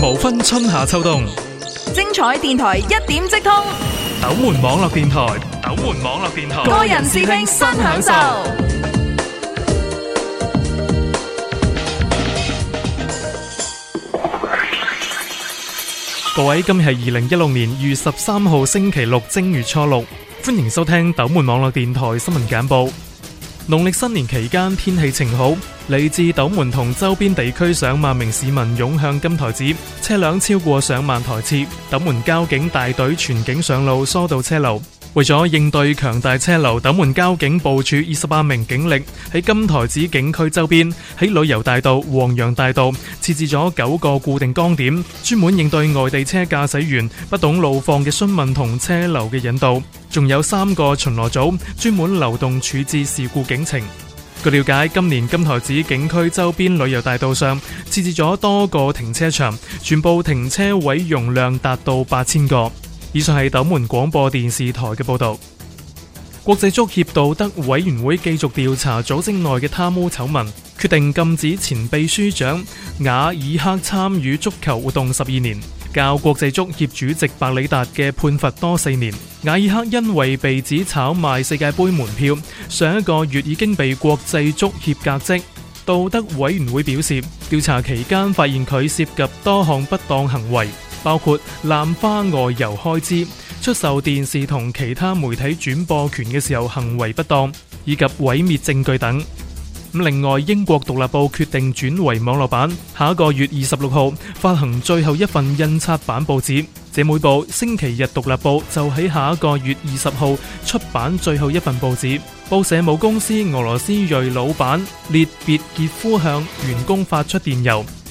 無分春夏秋冬，精彩電台一點即通。斗門網絡電台，斗門網絡電台，個人視聽新享受。各位，今日係二零一六年二月十三號星期六，正月初六，歡迎收聽斗門網絡電台新聞簡報。農曆新年期間，天氣晴好，嚟自斗門同周邊地區上萬名市民湧向金台寺，車輛超過上萬台次，斗門交警大隊全警上路疏導車流。為咗應對強大車流，斗門交警部署二十八名警力喺金台子景區周邊、喺旅遊大道、黃楊大道設置咗九個固定崗點，專門應對外地車駕駛員不懂路況嘅詢問同車流嘅引導。仲有三個巡邏組專門流動處置事故警情。據了解，今年金台子景區周邊旅遊大道上設置咗多個停車場，全部停車位容量達到八千個。以上係斗門廣播電視台嘅報道。國際足協道德委員會繼續調查組織內嘅貪污醜聞，決定禁止前秘書長瓦爾克參與足球活動十二年，較國際足協主席白里達嘅判罰多四年。瓦爾克因為被指炒賣世界杯門票，上一個月已經被國際足協革職。道德委員會表示，調查期間發現佢涉及多項不當行為包括濫花外遊開支、出售電視同其他媒體轉播權嘅時候行為不當，以及毀滅證據等。咁另外，英國獨立報決定轉為網絡版，下一個月二十六號發行最後一份印刷版報紙。這每報星期日獨立報就喺下一個月二十號出版最後一份報紙。報社母公司俄羅斯裔老闆列別杰夫向員工發出電郵。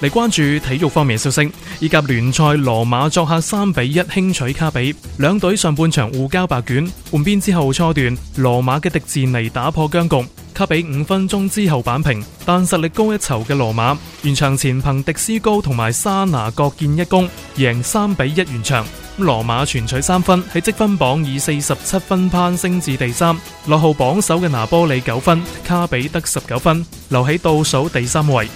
嚟關注體育方面嘅消息，意甲聯賽羅馬作客三比一輕取卡比。兩隊上半場互交白卷，換邊之後初段，羅馬嘅迪斯尼打破僵局，卡比五分鐘之後扳平。但實力高一籌嘅羅馬，完場前憑迪斯高同埋沙拿各建一攻，贏三比一完場。羅馬全取三分，喺積分榜以四十七分攀升至第三。落後榜首嘅拿波里九分，卡比得十九分，留喺倒數第三位。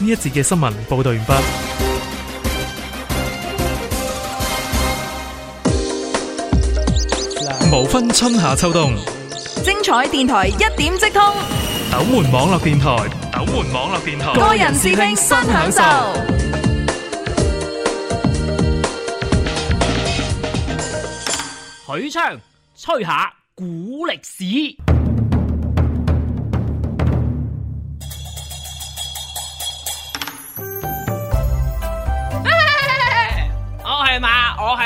呢一節嘅新聞報道完畢。次無分春夏秋冬，精彩電台一點即通。斗門網絡電台，斗門網絡電台，個人視聽新享受。許昌吹下古歷史。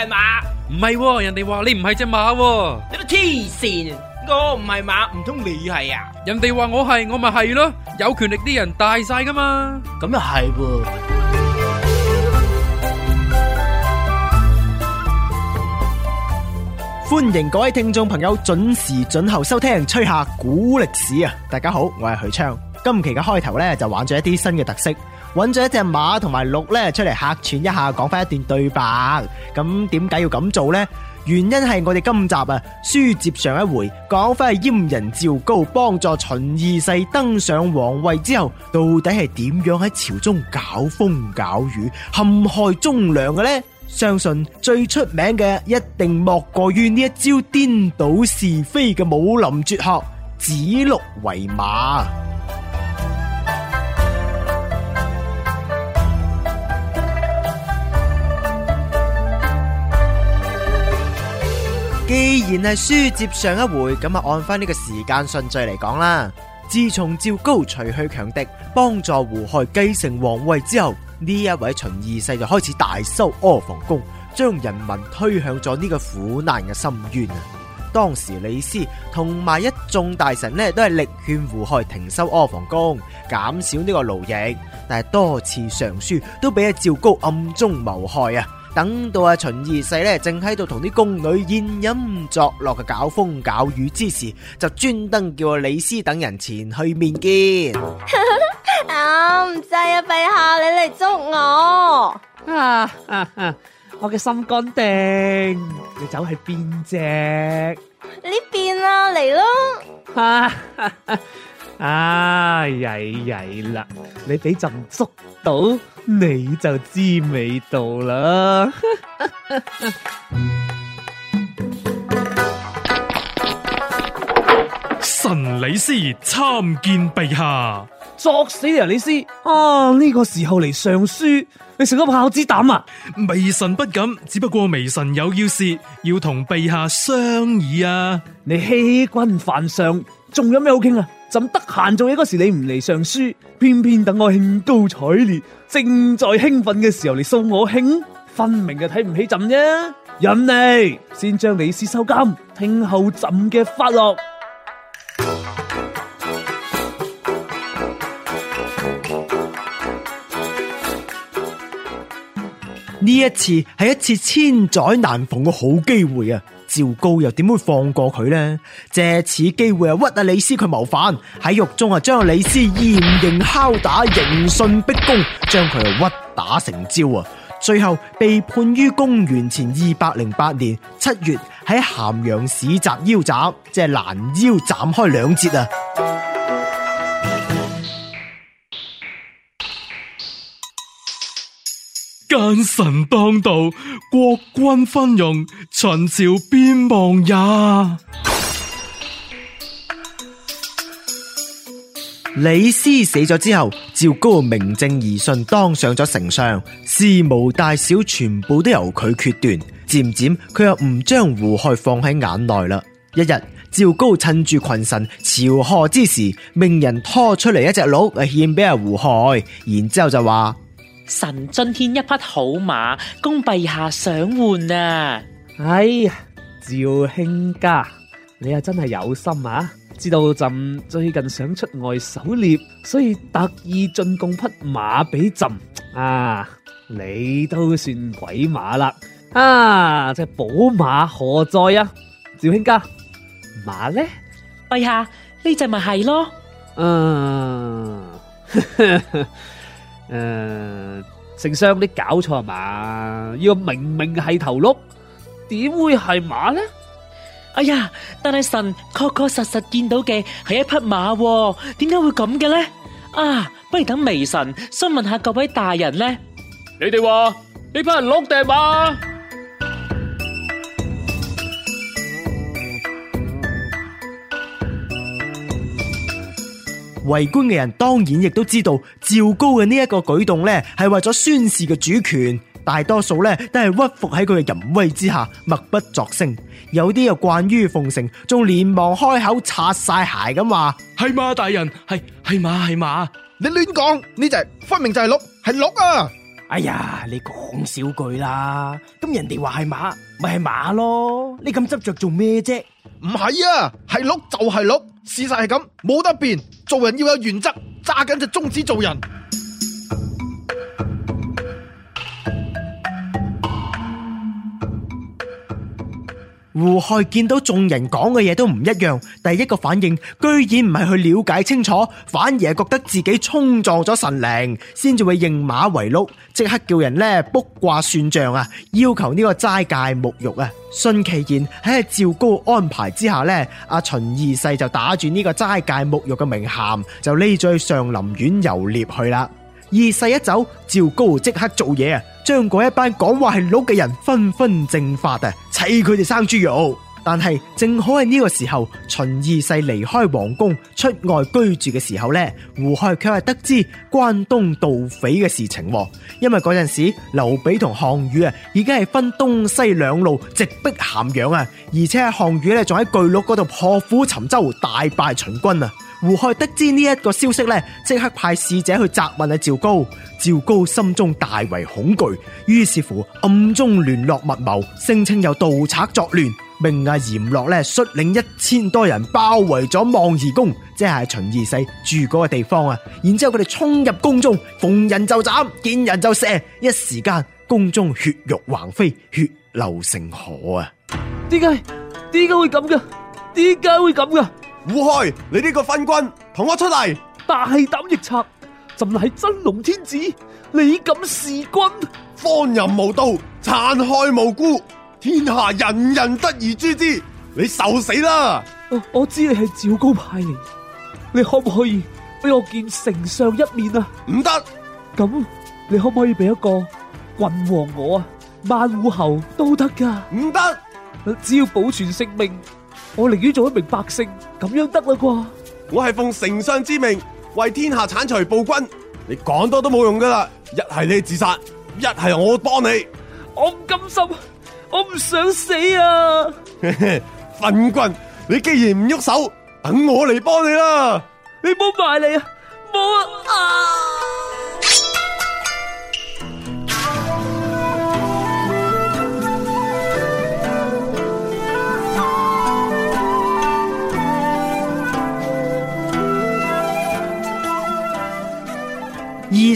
馬唔係，人哋話你唔係隻馬，你都黐線！我唔係馬，唔通你係啊？人哋話我係，我咪係咯，有權力啲人大晒㗎嘛？咁又係噃！歡迎各位聽眾朋友準時準候收聽《吹下古歷史》啊！大家好，我係許昌，今期嘅開頭咧就玩咗一啲新嘅特色。揾咗一隻馬同埋鹿咧出嚟客串一下，講翻一段對白。咁點解要咁做呢？原因係我哋今集啊，書接上一回，講翻係閹人趙高幫助秦二世登上皇位之後，到底係點樣喺朝中搞風搞雨，陷害忠良嘅呢？相信最出名嘅一定莫過於呢一招顛倒是非嘅武林絕學——指鹿為馬。既然係書接上一回，咁啊按翻呢個時間順序嚟講啦。自從趙高除去強敵，幫助胡亥繼承皇位之後，呢一位秦二世就開始大修阿房宮，將人民推向咗呢個苦難嘅深淵啊！當時李斯同埋一眾大臣呢，都係力勸胡亥停修阿房宮，減少呢個勞役，但係多次上書都俾阿趙高暗中謀害啊！等到阿秦二世咧，正喺度同啲宮女宴飲作樂嘅搞風搞雨之時，就專登叫阿李斯等人前去面見。啊唔制啊，陛下你嚟捉我啊！我嘅心肝定，你走喺邊隻？呢邊啊，嚟咯！啊，曳曳啦！你俾朕捉到，你就知味道啦！哈哈哈哈，神李斯參見陛下，作死啊！李斯啊，呢個時候嚟上書，你食咗炮子膽啊？微臣不敢，只不過微臣有要事要同陛下商議啊！你欺君犯上，仲有咩好傾啊？朕得閒做嘢嗰時，你唔嚟上書，偏偏等我興高采烈，正在興奮嘅時候嚟掃我興，分明就睇唔起朕啫。忍你，先將李斯收監，聽候朕嘅發落。呢一次係一次千載難逢嘅好機會啊！趙高又點會放過佢呢？借此機會啊，屈阿李斯佢謀反，喺獄中啊，將阿李斯嚴刑拷打，刑訊逼供，將佢屈打成招啊！最後被判於公元前二百零八年七月喺咸陽市集腰斬，即係攔腰斬開兩截啊！奸臣當道，國君昏庸，秦朝必亡也。李斯死咗之後，趙高名正言順，當上咗丞相，事無大小全部都由佢決斷。漸漸佢又唔將胡亥放喺眼內啦。一日，趙高趁住群臣朝賀之時，命人拖出嚟一隻鹿嚟獻俾阿胡亥，然之後就話。神進天一匹好馬，供陛下賞玩啊！哎呀，趙卿家，你又真係有心啊！知道朕最近想出外狩獵，所以特意進貢匹馬俾朕啊！你都算鬼馬啦！啊，隻寶馬何在啊？趙卿家，馬呢？陛下，呢隻咪係咯！嗯。誒，丞相，呃，你搞錯啊嘛！要、這個、明明係頭鹿，點會係馬呢？哎呀，但係神確確實實見到嘅係一匹馬，哦，點解會咁嘅呢？啊，不如等微臣詢問下各位大人呢？你哋話呢匹係鹿定、啊、馬？圍觀嘅人當然亦都知道趙高嘅呢一個舉動呢係為咗宣示嘅主權。大多數呢都係屈服喺佢嘅淫威之下，默不作聲。有啲又慣於奉承，仲連忙開口擦晒鞋咁話：係馬大人，係係馬係馬，你亂講，呢隻分明就係鹿，係鹿啊！哎呀，你講少句啦。咁人哋話係馬，咪係馬咯。你咁執着做咩啫？唔係啊，係鹿就係鹿，事實係咁，冇得變。做人要有原則，揸緊就宗旨做人。胡亥見到眾人講嘅嘢都唔一樣，第一個反應居然唔係去了解清楚，反而係覺得自己衝撞咗神靈，先至會認馬為鹿，即刻叫人呢卜卦算賬啊！要求呢個齋戒沐浴啊！順其然喺趙高安排之下呢，阿秦二世就打住呢個齋戒沐浴嘅名銜，就匿咗去上林苑遊獵去啦。二世一走，趙高即刻做嘢啊，將嗰一班講話係鹿嘅人紛紛正法啊！睇佢哋生豬肉，但係正好喺呢個時候，秦二世離開皇宮出外居住嘅時候呢，胡亥卻係得知關東盜匪嘅事情。因為嗰陣時，劉備同項羽啊，已經係分東西兩路直逼咸陽啊，而且係項羽咧，仲喺巨鹿嗰度破釜沉舟，大敗秦軍啊。胡亥得知呢一個消息呢，即刻派使者去責問阿趙高。趙高心中大為恐懼，於是乎暗中聯絡密謀，聲稱有盜賊作亂，命阿閻樂咧率領一千多人包圍咗望夷宮，即係秦二世住嗰個地方啊。然之後佢哋衝入宮中，逢人就斬，見人就射，一時間宮中血肉橫飛，血流成河啊！點解？點解會咁噶？點解會咁噶？胡亥，你呢個昏君，同我出嚟！大膽逆賊，朕係真龍天子，你敢弑君？荒淫無道，殘害無辜，天下人人得而誅之，你受死啦！我知你係趙高派嚟，你可唔可以俾我見丞相一面啊？唔得行，咁你可唔可以俾一個郡王我啊？萬戶侯都得噶、啊？唔得行，只要保存性命，我寧願做一名百姓。咁樣得啦啩！我係奉丞相之命，為天下鏟除暴君。你講多都冇用噶啦！一係你自殺，一係我幫你。我唔甘心，我唔想死啊！昏 君，你既然唔喐手，等我嚟幫你啦！你冇埋嚟！啊，冇啊！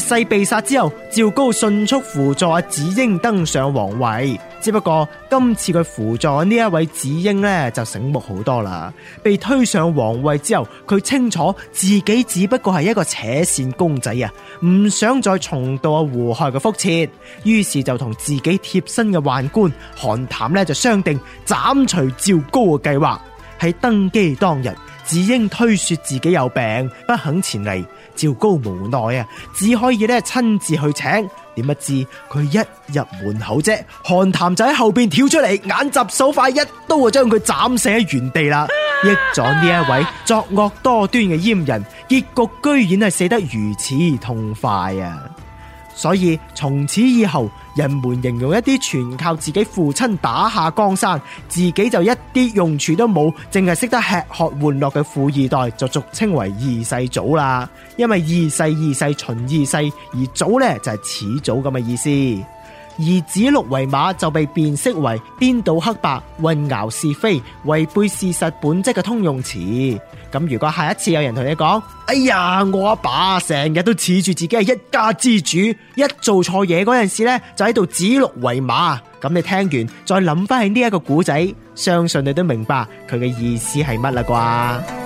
世被殺之後，趙高迅速輔助阿子嬰登上皇位。只不過今次佢輔助呢一位子嬰呢，就醒目好多啦。被推上皇位之後，佢清楚自己只不過係一個扯線公仔啊，唔想再重蹈阿胡亥嘅覆轍。於是就同自己貼身嘅宦官韓談呢，就商定斬除趙高嘅計劃。喺登基當日，子嬰推說自己有病，不肯前嚟。趙高無奈啊，只可以咧親自去請，點不知佢一入門口啫，韓談就喺後邊跳出嚟，眼疾手快一，一刀就將佢斬死喺原地啦，益咗呢一位作惡多端嘅閹人，結局居然係死得如此痛快啊！所以從此以後。人們形容一啲全靠自己父親打下江山，自己就一啲用處都冇，淨係識得吃喝玩樂嘅富二代，就俗稱為二世祖啦。因為二世、二世、秦二世，而祖呢就係始祖咁嘅意思。而指鹿為馬就被辨識為顛倒黑白、混淆是非、違背事實本質嘅通用詞。咁如果下一次有人同你講：哎呀，我阿爸成日都恃住自己係一家之主，一做錯嘢嗰陣時呢，就喺度指鹿為馬。咁你聽完再諗翻起呢一個故仔，相信你都明白佢嘅意思係乜啦啩？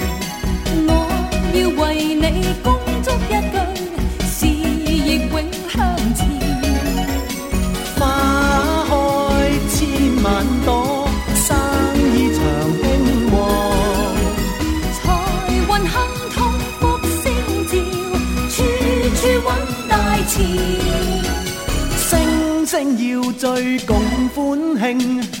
為你恭祝一句，事業永向前。花開千萬朵，生意長興旺。財運亨通，福星照，處處揾大錢。聲聲要聚，共歡慶。